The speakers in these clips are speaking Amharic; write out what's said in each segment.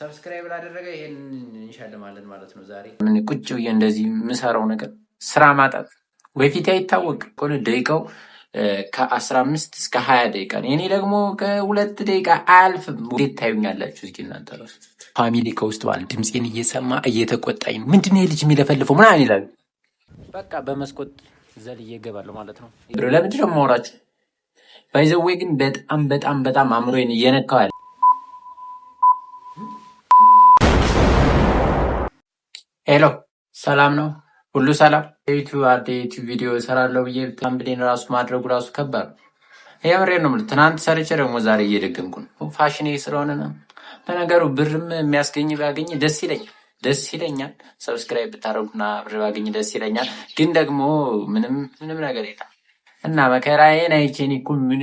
ሰብስክራይብ ላደረገ ይሄን እንሸልማለን ማለት ነው። ዛሬ ምን ቁጭ ብዬ እንደዚህ የምሰራው ነገር ስራ ማጣት ወይፊት አይታወቅ ሆነ ደቂቃው ከአስራ አምስት እስከ ሀያ ደቂቃ ነው። እኔ ደግሞ ከሁለት ደቂቃ አያልፍም። እንዴት ታዩኛላችሁ? እስኪ እናንተ ፋሚሊ ከውስጥ ባል ድምፄን እየሰማ እየተቆጣኝ ነው። ምንድን ነው ልጅ የሚለፈልፈው ምናምን ይላሉ። በቃ በመስኮት ዘል እየገባለሁ ማለት ነው። ለምንድን ነው የማወራችሁ? ባይዘዌ ግን በጣም በጣም በጣም አእምሮዬን እየነካዋል። ሄሎ ሰላም ነው ሁሉ ሰላም። የዩቲዩብ አርዴ ዩቲዩብ ቪዲዮ እሰራለሁ ብዬ ታምብሌን ራሱ ማድረጉ ራሱ ከባድ ነው። የምሬ ነው ትናንት ሰርቼ ደግሞ ዛሬ እየደገምኩ ነው። ፋሽኔ ስለሆነ ነው። በነገሩ ብርም የሚያስገኝ ባገኝ ደስ ይለኛል ደስ ይለኛል። ሰብስክራይብ ብታደረጉና ብር ባገኝ ደስ ይለኛል። ግን ደግሞ ምንም ምንም ነገር የለም እና መከራዬን አይቼን እኮ ምን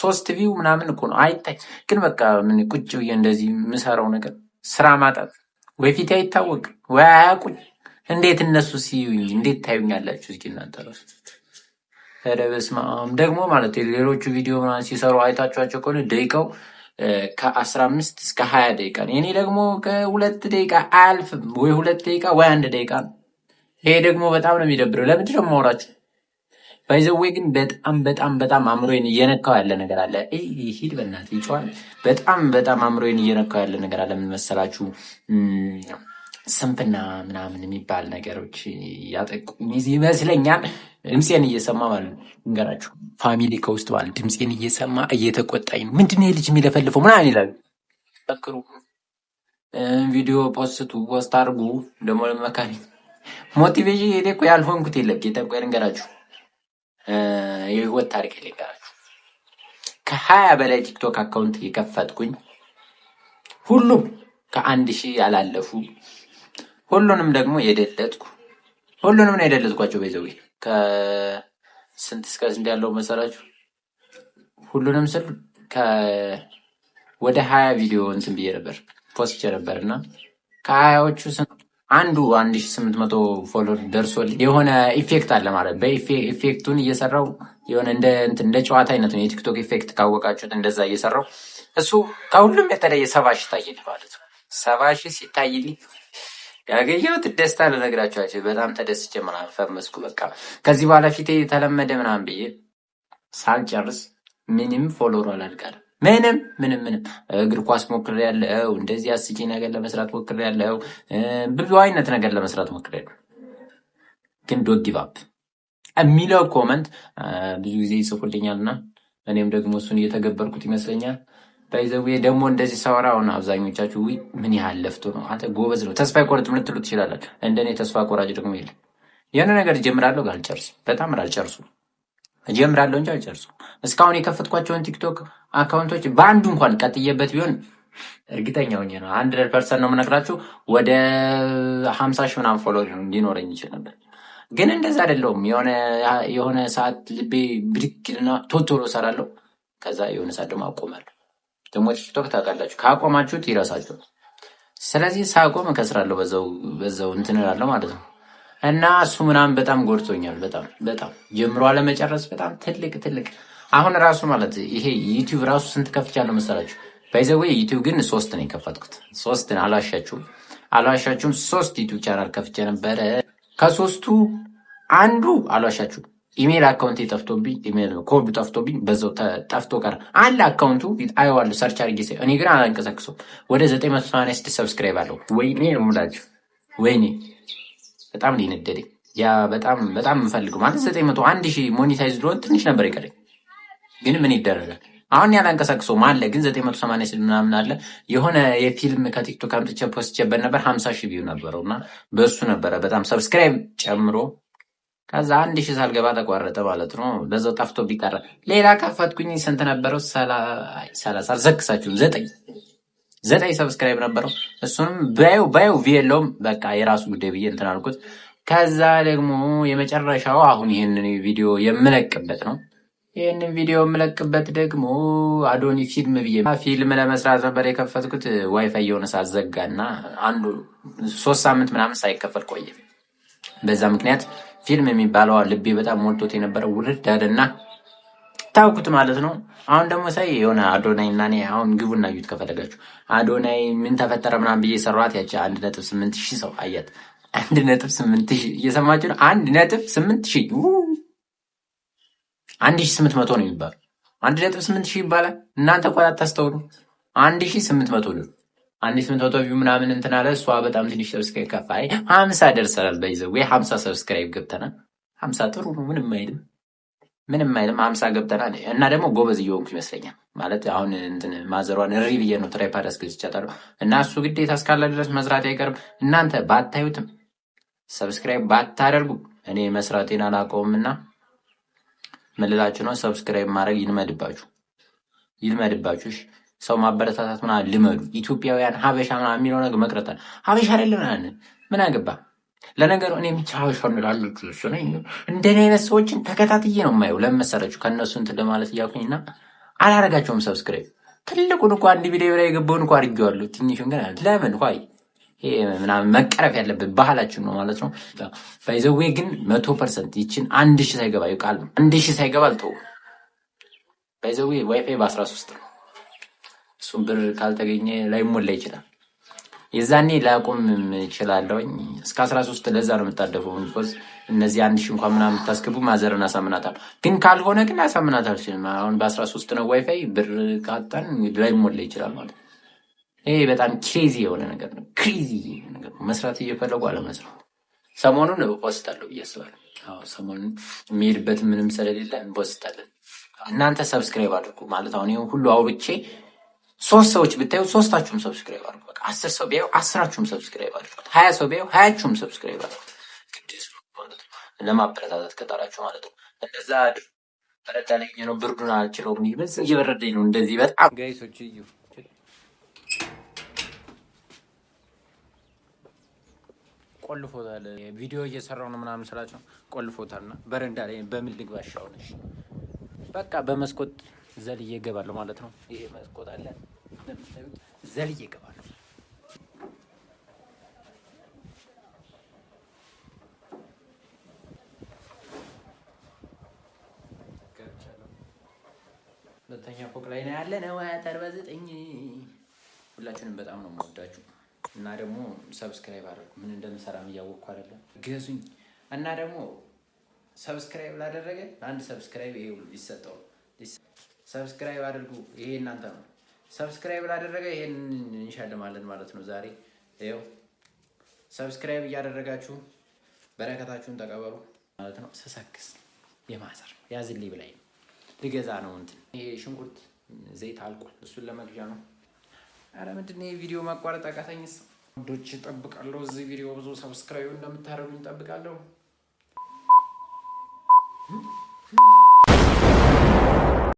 ሶስት ቪው ምናምን እኮ ነው አይታይ። ግን በቃ ምን ቁጭ ብዬ እንደዚህ የምሰራው ነገር ስራ ማጣት ወይፊት አይታወቅ ወይ አያውቁኝ። እንዴት እነሱ ሲዩኝ እንዴት ታዩኛላችሁ? እስኪ እናንተ ራሱ ኧረ በስመ አብ ደግሞ ማለት ሌሎቹ ቪዲዮ ምናምን ሲሰሩ አይታችኋቸው ከሆነ ደቂቃው ከአስራ አምስት እስከ ሀያ ደቂቃ ነው። እኔ ደግሞ ከሁለት ደቂቃ አያልፍም ወይ ሁለት ደቂቃ ወይ አንድ ደቂቃ ነው። ይሄ ደግሞ በጣም ነው የሚደብረው። ለምንድን ነው የማወራችሁ? ባይዘዌ ግን በጣም በጣም በጣም አእምሮዬን እየነካው ያለ ነገር አለ። ሂድ በእናትህ ይጨዋል። በጣም በጣም አእምሮዬን እየነካው ያለ ነገር አለ። ምን መሰላችሁ? ስንፍና ምናምን የሚባል ነገሮች ያጠቁኝ ይመስለኛል። ድምፄን እየሰማ ማለት ንገራችሁ፣ ፋሚሊ ከውስጥ ማለ ድምፄን እየሰማ እየተቆጣኝ ነው። ምንድን ልጅ የሚለፈልፈው ምናምን ይላሉ። ፈክሩ ቪዲዮ ፖስቱ ፖስት አድርጉ ደግሞ ለመካኒ ሞቲቬሽን ሄደ እኮ ያልሆንኩት የለም። ጌታ እንገራችሁ የህይወት ታሪክ ሊቀራችሁ ከሀያ በላይ ቲክቶክ አካውንት የከፈትኩኝ ሁሉም ከአንድ ሺህ ያላለፉ ሁሉንም ደግሞ የደለጥኩ ሁሉንም ነው የደለጥኳቸው። በዘዊ ከስንት እስከ ስንት ያለው መሰላችሁ? ሁሉንም ስል ወደ ሀያ ቪዲዮ እንትን ብዬ ነበር ፖስቼ ነበር እና ከሀያዎቹ አንዱ አንድ ሺህ ስምንት መቶ ፎሎር ደርሶልኝ የሆነ ኢፌክት አለ ማለት በኢፌክቱን እየሰራው የሆነ እንደ እንደ ጨዋታ አይነት ነው። የቲክቶክ ኢፌክት ካወቃችሁት እንደዛ እየሰራው እሱ ከሁሉም የተለየ ሰባ ሺህ ታየል ማለት ነው። ሰባ ሺህ ሲታይልኝ ያገኘሁት ደስታ ልነግራችኋቸው በጣም ተደስቼ ምናምን ፈመስኩ። በቃ ከዚህ በኋላ ፊቴ የተለመደ ምናምን ብዬ ሳልጨርስ ምንም ፎሎሮ አላልቃል ምንም ምንም ምንም እግር ኳስ ሞክር ያለው እንደዚህ አስቂ ነገር ለመስራት ሞክር ያለው ብዙ አይነት ነገር ለመስራት ያለው ግን ዶንት ጊቭ አፕ የሚለው ኮመንት ብዙ ጊዜ ይጽፉልኛል እና እኔም ደግሞ እሱን እየተገበርኩት ይመስለኛል። ባይዘዌ ደግሞ እንደዚህ ሳወራ አሁን አብዛኞቻችሁ ውይ ምን ያህል ለፍቶ ነው አንተ ጎበዝ ነው ተስፋ ይቆርጥ ምን ትሉ ትችላላችሁ። እንደኔ ተስፋ ቆራጭ ደግሞ የለም። የሆነ ነገር እጀምራለሁ አልጨርስም። በጣም አልጨርሱም። እጀምራለሁ እንጂ አልጨርሱም። እስካሁን የከፈትኳቸውን ቲክቶክ አካውንቶች በአንዱ እንኳን ቀጥዬበት ቢሆን እርግጠኛ ሆኜ ነው ሀንድረድ ፐርሰንት ነው የምነግራችሁ ወደ ሀምሳ ሺህ ምናምን ፎሎወር ሊኖረኝ ይችል ነበር። ግን እንደዛ አይደለውም። የሆነ ሰዓት ልቤ ብድግልና ቶቶሎ እሰራለሁ። ከዛ የሆነ ሰዓት ደግሞ አቆማለሁ። ደግሞ ቲክቶክ ታውቃላችሁ፣ ካቆማችሁት ይረሳችኋል። ስለዚህ ሳቆም እከስራለሁ፣ በዛው እንትን እላለሁ ማለት ነው። እና እሱ ምናምን በጣም ጎድቶኛል። በጣም በጣም ጀምሮ አለመጨረስ በጣም ትልቅ ትልቅ አሁን ራሱ ማለት ይሄ ዩቲዩብ ራሱ ስንት ከፍቻለሁ መሰላችሁ? ባይዘዌ ዩቲዩብ ግን ሶስት ነው የከፈትኩት። ሶስትን አልዋሻችሁም፣ አላሻችሁም። ሶስት ዩቲዩብ ቻናል ከፍቼ ነበረ። ከሶስቱ አንዱ አላሻችሁ ኢሜል አካውንት ጠፍቶብኝ፣ ኢሜል ኮድ ጠፍቶብኝ፣ በዛው ጠፍቶ ቀረ። አለ አካውንቱ አየዋለሁ፣ ሰርች አድርጌ እኔ ግን አላንቀሳቅሰውም። ወደ 986 ሰብስክራይብ አለው። ወይኔ ነው የምላችሁ፣ ወይኔ በጣም ሊነደደኝ ያ በጣም በጣም የምፈልገው ማለት ዘጠኝ መቶ አንድ ሺህ ሞኔታይዝ ድሮን ትንሽ ነበር ይቀረኝ። ግን ምን ይደረጋል? አሁን ያላንቀሳቅሶ ማለ ግን ዘጠኝ መቶ ሰማንያ ምናምን አለ የሆነ የፊልም ከቲክቶክ አምጥቼ ፖስትቼበት ነበር። ሀምሳ ሺህ ቪው ነበረው እና በእሱ ነበረ በጣም ሰብስክራይብ ጨምሮ ከዛ አንድ ሺህ ሳልገባ ተቋረጠ ማለት ነው። በዛው ጠፍቶ ቢቀረ ሌላ ከፈትኩኝ ስንት ነበረው? ሰላሳ አልዘክሳችሁም። ዘጠኝ ዘጠኝ ሰብስክራይብ ነበረው። እሱንም ባዩ ባዩ ቪ የለውም በቃ የራሱ ጉዳይ ብዬ እንትን አልኩት። ከዛ ደግሞ የመጨረሻው አሁን ይህንን ቪዲዮ የምለቅበት ነው ይህንን ቪዲዮ የምለቅበት ደግሞ አዶኒ ፊልም ብዬ ፊልም ለመስራት ነበር የከፈትኩት። ዋይፋይ የሆነ ሳዘጋ እና አንዱ ሶስት ሳምንት ምናምን ሳይከፈል ቆየ። በዛ ምክንያት ፊልም የሚባለው ልቤ በጣም ሞልቶት የነበረ ውርዳድ ና ታውኩት ማለት ነው። አሁን ደግሞ ሳይ የሆነ አዶናይ እና እኔ አሁን ግቡ እናዩት ከፈለጋችሁ። አዶናይ ምን ተፈጠረ ምናምን ብዬ ሰሯት። ያቺ አንድ ነጥብ ስምንት ሺህ ሰው አያት። አንድ ነጥብ ስምንት ሺህ እየሰማችሁ ነው። አንድ ነጥብ ስምንት ሺህ አንድ ሺ ስምንት መቶ ነው የሚባሉ አንድ ነጥብ ስምንት ሺህ ይባላል። እናንተ እኳ አታስተውሉ። አንድ ሺ ስምንት መቶ ነው አንድ ስምንት መቶ ቪው ምናምን እንትን አለ። እሷ በጣም ትንሽ ሰብስክራይብ ከፋ። ሀምሳ ደርሰናል። በይዘ ወይ ሀምሳ ሰብስክራይብ ገብተናል። ሀምሳ ጥሩ ነው። ምንም አይልም፣ ምንም አይልም። ሀምሳ ገብተናል እና ደግሞ ጎበዝ እየሆንኩ ይመስለኛል። ማለት አሁን እንትን ማዘሯን እሪ ብዬ ነው ትራይፓድ አስገዝቻታለሁ። እና እሱ ግዴታ እስካለ ድረስ መስራት አይቀርም። እናንተ ባታዩትም ሰብስክራይብ ባታደርጉ እኔ መስራቴን አላቀውም አላውቀውምና ምልላችሁ ነው። ሰብስክራይብ ማድረግ ይልመድባችሁ ይልመድባችሁ። እሺ ሰው ማበረታታት ምናምን ልመዱ። ኢትዮጵያውያን ሀበሻ ምናምን የሚለው ነገር መቅረታል። ሀበሻ አይደለን ምን አገባ። ለነገሩ እኔ ብቻ ሀበሻ እንላለችሁ እሱ እንደኔ አይነት ሰዎችን ተከታትዬ ነው የማየው። ለምን መሰላችሁ? ከእነሱ እንትን ለማለት እያልኩኝና አላረጋቸውም ሰብስክራይብ። ትልቁን እኮ አንድ ቪዲዮ ላይ የገባውን እኮ አድርጌዋለሁ። ትንሹን ግን ለምን ይ ምናምን መቀረፍ ያለብን ባህላችን ነው ማለት ነው። ባይዘዌ ግን መቶ ፐርሰንት ይችን አንድ ሺ ሳይገባ ነው። አንድ ሺህ ሳይገባ አልተውም። ባይዘዌ ዋይፋይ በአስራ ሶስት ነው። እሱም ብር ካልተገኘ ላይሞላ ይችላል። የዛኔ ላቆም ይችላለሁኝ። እስከ አስራ ሶስት ለዛ ነው የምታደፈው። ቢኮዝ እነዚህ አንድ ሺ እንኳን ምናምን የምታስገቡ ማዘርን አሳምናታል። ግን ካልሆነ ግን አሳምናታል። አሁን በአስራ ሶስት ነው ዋይፋይ ብር ካጣን ላይሞላ ይችላል ማለት ነው። ይሄ በጣም ክሬዚ የሆነ ነገር ነው። ክሬዚ ነገር መስራት እየፈለጉ አለመስራት። ሰሞኑን እፖስታለሁ ብዬ አስባለሁ። ሰሞኑን የሚሄድበት ምንም ስለሌለ እንፖስታለን። እናንተ ሰብስክራይብ አድርጉ ማለት አሁን ይሄን ሁሉ አውርቼ ሶስት ሰዎች ብታዩ ሶስታችሁም ሰብስክራይብ አድርጉ። በቃ አስር ሰው ቢያዩ አስራችሁም ሰብስክራይብ አድርጉ። ሀያ ሰው ቢያዩ ሀያችሁም ሰብስክራይብ አድርጉት። ለማበረታታት ከጠራችሁ ማለት ነው። እንደዛ አድርጉ። በረታ ነው። ብርዱን አልችለውም። እየበረደኝ ነው እንደዚህ በጣም ጋይሶች እዩ ቆልፎታል። ቪዲዮ እየሰራው ነው ምናምን ስላቸው ና በረንዳ ላይ በምን ልግባ ሻሆነች በቃ በመስኮት ዘልዬ እገባለሁ ማለት ነው። ይሄ መስኮት አለ እንደምታዩት፣ ዘልዬ እገባለሁ። ሁለተኛ ፎቅ ላይ ነው ያለ ነው። ተርበዘጠኝ ሁላችንም በጣም ነው የምወዳችሁ። እና ደግሞ ሰብስክራይብ አድርጉ። ምን እንደምሰራም እያወቅኩ አይደለም፣ ገዙኝ። እና ደግሞ ሰብስክራይብ ላደረገ አንድ ሰብስክራይብ ይሄ ሁሉ ይሰጠው። ሰብስክራይብ አድርጉ። ይሄ እናንተ ነው። ሰብስክራይብ ላደረገ ይሄን እንሸልማለን ማለት ነው። ዛሬ ይኸው ሰብስክራይብ እያደረጋችሁ በረከታችሁን ተቀበሉ ማለት ነው። ስሰክስ የማዘር ያዝልኝ ብላኝ ልገዛ ነው እንትን ይሄ ሽንኩርት ዘይት አልቋል። እሱን ለመግዣ ነው። አረ ምንድን የቪዲዮ ማቋረጥ አቃተኝ። ወንዶች እጠብቃለሁ። እዚህ ቪዲዮ ብዙ ሰብስክራይብ እንደምታደርጉኝ እጠብቃለሁ።